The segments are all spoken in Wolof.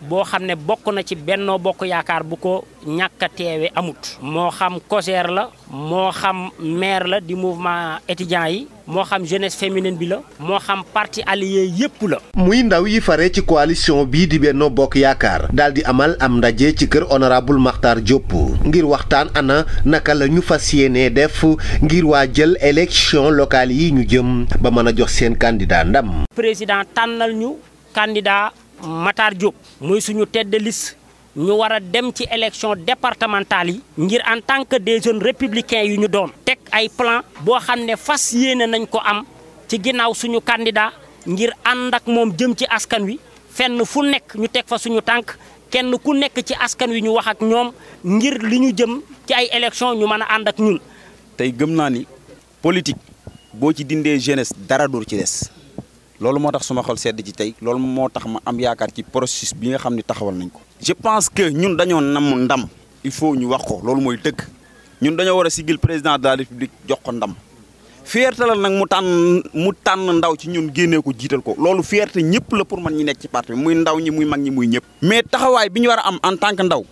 boo xam ne bokk na ci bennoo bokk yaakaar bu ko ñakka a teewe amut moo xam COJER la moo xam maire la di mouvement étudiant yi moo xam jeunesse féminine bi la moo xam parti allié yépp la muy ndaw yi fare ci coalition bii di bennoo bokk yaakaar daal di amal am ndaje ci kër honorable Makhtar Diop ngir waxtaan ana naka la ñu fas yéenee def ngir waa jël élection locale yi ñu jëm ba mën a jox seen candidat ndam président tànnal ñu candidat Matar Diop muy suñu tête de ñu war a dem ci élection départementale yi ngir en tant que des jeunes républicains yu ñu doon teg ay plan boo xam ne fas yéene nañ ko am ci ginnaaw suñu candidat ngir ànd ak moom jëm ci askan wi fenn fu nekk ñu teg fa suñu tànk kenn ku nekk ci askan wi ñu wax ak ñoom ngir li ñu jëm ci ay élection ñu mën a ànd ak ñun tey gëm naa ni politique boo ci dindee jeunesse dara dur ci des loolu moo tax suma xol sedd ci tey loolu moo tax ma am yaakaar ci processus bi nga xam ni taxawal nañ ko. je pense que ñun dañoo namm ndam il faut ñu wax ko loolu mooy dëgg ñun dañoo war a sigil président de la république jox ko ndam fierté la nag mu tànn mu tànn ndaw ci ñun génnee ko jiital ko loolu fierté ñëpp la pour man ñi nekk ci parti muy ndaw ñi muy mag ñi muy ñëpp. mais taxawaay bi ñu war a am en tant que ndaw.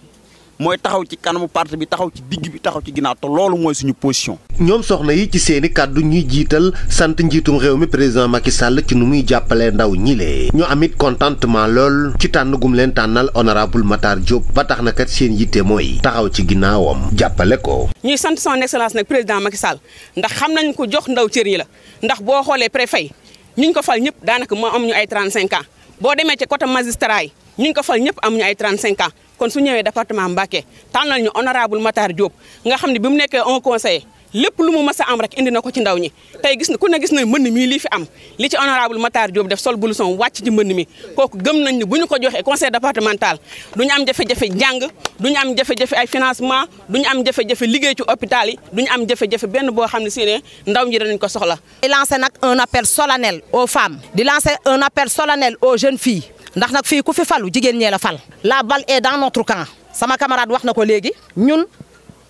mooy taxaw ci kanamu parti bi taxaw ci digg bi taxaw ci ginnaaw te loolu mooy suñu position. ñoom soxna yi ci seeni kàddu ñuy jiital sant njiitum réew mi président Macky Sall ci nu muy jàppale ndaw ñi lee ñu amit kontantement lool ci tànn gum leen tànnal honorable Matar Diop ba tax na seen yitte mooy taxaw ci ginnaawam jàppale ko. ñuy sant son excellence nag président Macky Sall ndax xam nañu ko jox ndaw cër yi la ndax boo xoolee préfet ñu ñu ko fal ñëpp daanaka moo am ay 35 ans boo demee ci côté magistrat yi ñi ko fal ñëpp amuñu ay 35 ans kon su ñëwee département mbake tànnal ñu honorable Matar Diop nga xam ne bi mu nekkee un conseil lépp lu mu mës a am rek indi na ko ci ndaw ñi tey gis na ku ne gis na mën mii lii fi am li ci honorable Matar Diop def sol blouson wàcc ci mbënn mi kooku gëm nañ ne bu ñu ko joxe conseil départemental duñu am jafe-jafe njàng duñu am jafe-jafe ay financement du ñu am jafe-jafe liggéey ci hôpital yi duñu am jafe-jafe boo xam ne si ne ndaw ñi danañ ko soxla di nag un appel solennel aux femmes di lancer un appel solennel aux jeunes filles ndax nag fii ku falu jigéen ñee la fal la bal est dans notre camp sama camarade wax na ko léegi ñun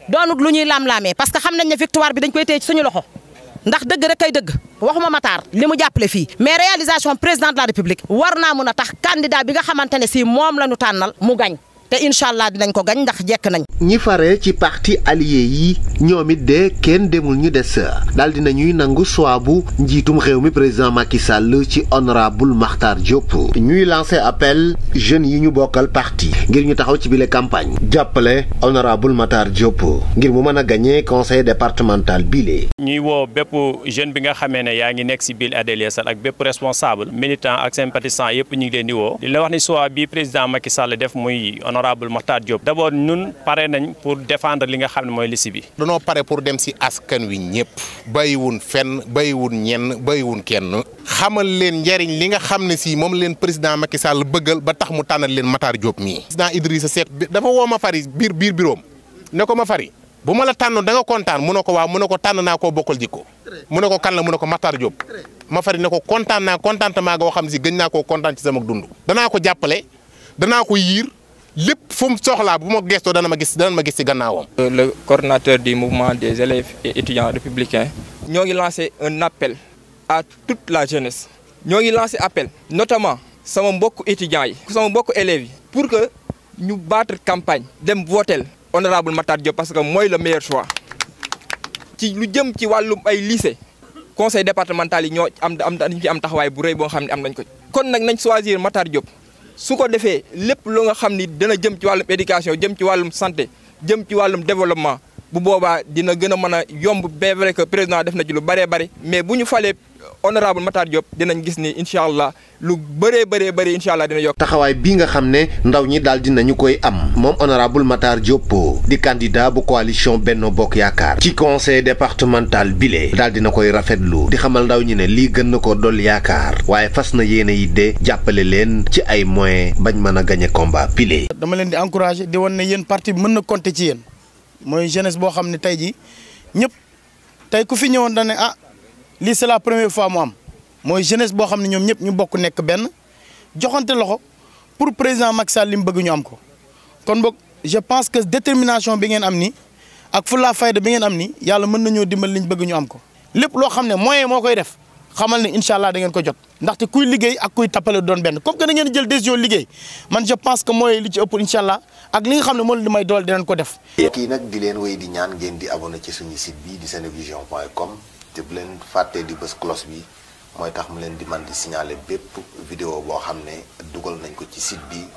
doonut lu ñuy laam-laamee parce que xam nañ ne victoire bi dañ koy téye ci suñu loxo ndax dëgg rek kay dëgg waxuma Matar li mu jàppale fii mais réalisation président de la république war naa mën a tax candidat bi nga xamante ne si moom la ñu tànnal mu gañ te incha allah nañ ko gañ ndax jekk nañ ñi fare ci parti allier yi ñoom it de kenn demul ñu des daal di ñuy nangu soi bu njiitum réew mi président Macky Sall ci honorable Makhtar Diop. ñuy lancé appel jeunes yi ñu bokkal parti ngir ñu taxaw ci bile campagne jàppale honorable Makhtar Diop ngir mu mën a gagné conseil départemental bile. ñuy woo bépp jeune bi nga xamee ne yaa ngi nekk si biir Adélie Sall ak bépp responsable militant ak sympathisant yëpp ñu ngi leen di woo. di la wax ni soi bi président Sall def muy honorable Makhtar Diop pare nañ pour défendre li nga xam ne mooy liste bi. danoo pare pour dem si askan wi ñëpp. bàyyiwun fenn kenn. xamal leen njariñ li nga xam ne si moom leen président Macky Sall bëggal ba tax mu tànnal leen Matar Diop mii. président Idrissa Seck dafa woo ma fari biir biir biroom ne ko ma fari. bu ma la tànnoon da kontaan mu ne ko waaw mu ne ko tànn naa koo bokkal jikko mu ne ko kan la mu ne ko Matar Diop ma fari ne ko kontaan naa contentement xam si gëñ naa koo kontaan ci sama dund. danaa ko jàppale danaa ko yiir Tout ce que soxlaa bu ma gestoo dana ma euh, le coordinateur du mouvement des élèves et étudiants républicains. nous avons lancé un appel à toute la jeunesse. Nous avons lancé un appel notamment à beaucoup d'étudiants, à beaucoup d'élèves, pour que ñu battre campagne. dem voter honorable Matar Diop parce que c'est le meilleur choix ci lu jëm ci wàllum ay lycée conseil départemental nous avons am am choisir Matar Diop. su ko defee lépp lu nga xam ni dana jëm ci wàllum éducation jëm ci wàllum santé jëm ci wàllum développement bu boobaa dina gën a mën a yomb bien vrai que président def na ci lu bëree bëri mais bu ñu falee honorable Matar Diop dinañ gis ni incha allah lu bëree bëree bëri incha allah dina yokk. taxawaay bii nga xam ne ndaw ñi daal dinañu koy am moom honorable Matar Diop di candidat bu coalition benn Bokk Yaakaar ci conseil départemental bile daal dina koy rafetlu di xamal ndaw ñi ne lii gën na ko dolli yaakaar waaye fas na yéene yi de jàppale leen ci ay moyens bañ mën a gagné combat bile. dama leen di encouragé di wan ne yéen parti bi mën na konte ci yéen mooy jeunesse boo xam ne tey jii ñëpp c'est la première fois moi. Je suis jeunesse pour xam nous ñu bokk pour président Macky Sall li la je pense que détermination bi ngeen am ni la la fayda bi ngeen am ni yàlla mën que dimbal bëgg ñu am ko koy def xamal da ngeen ko jot comme que da ngeen je pense que moi, li ci ëpp incha ak li nga que te bu leen fàttee di bës cloche bi mooy tax mu leen di man di signaler bépp vidéo boo xam ne dugal nañ ko ci site bi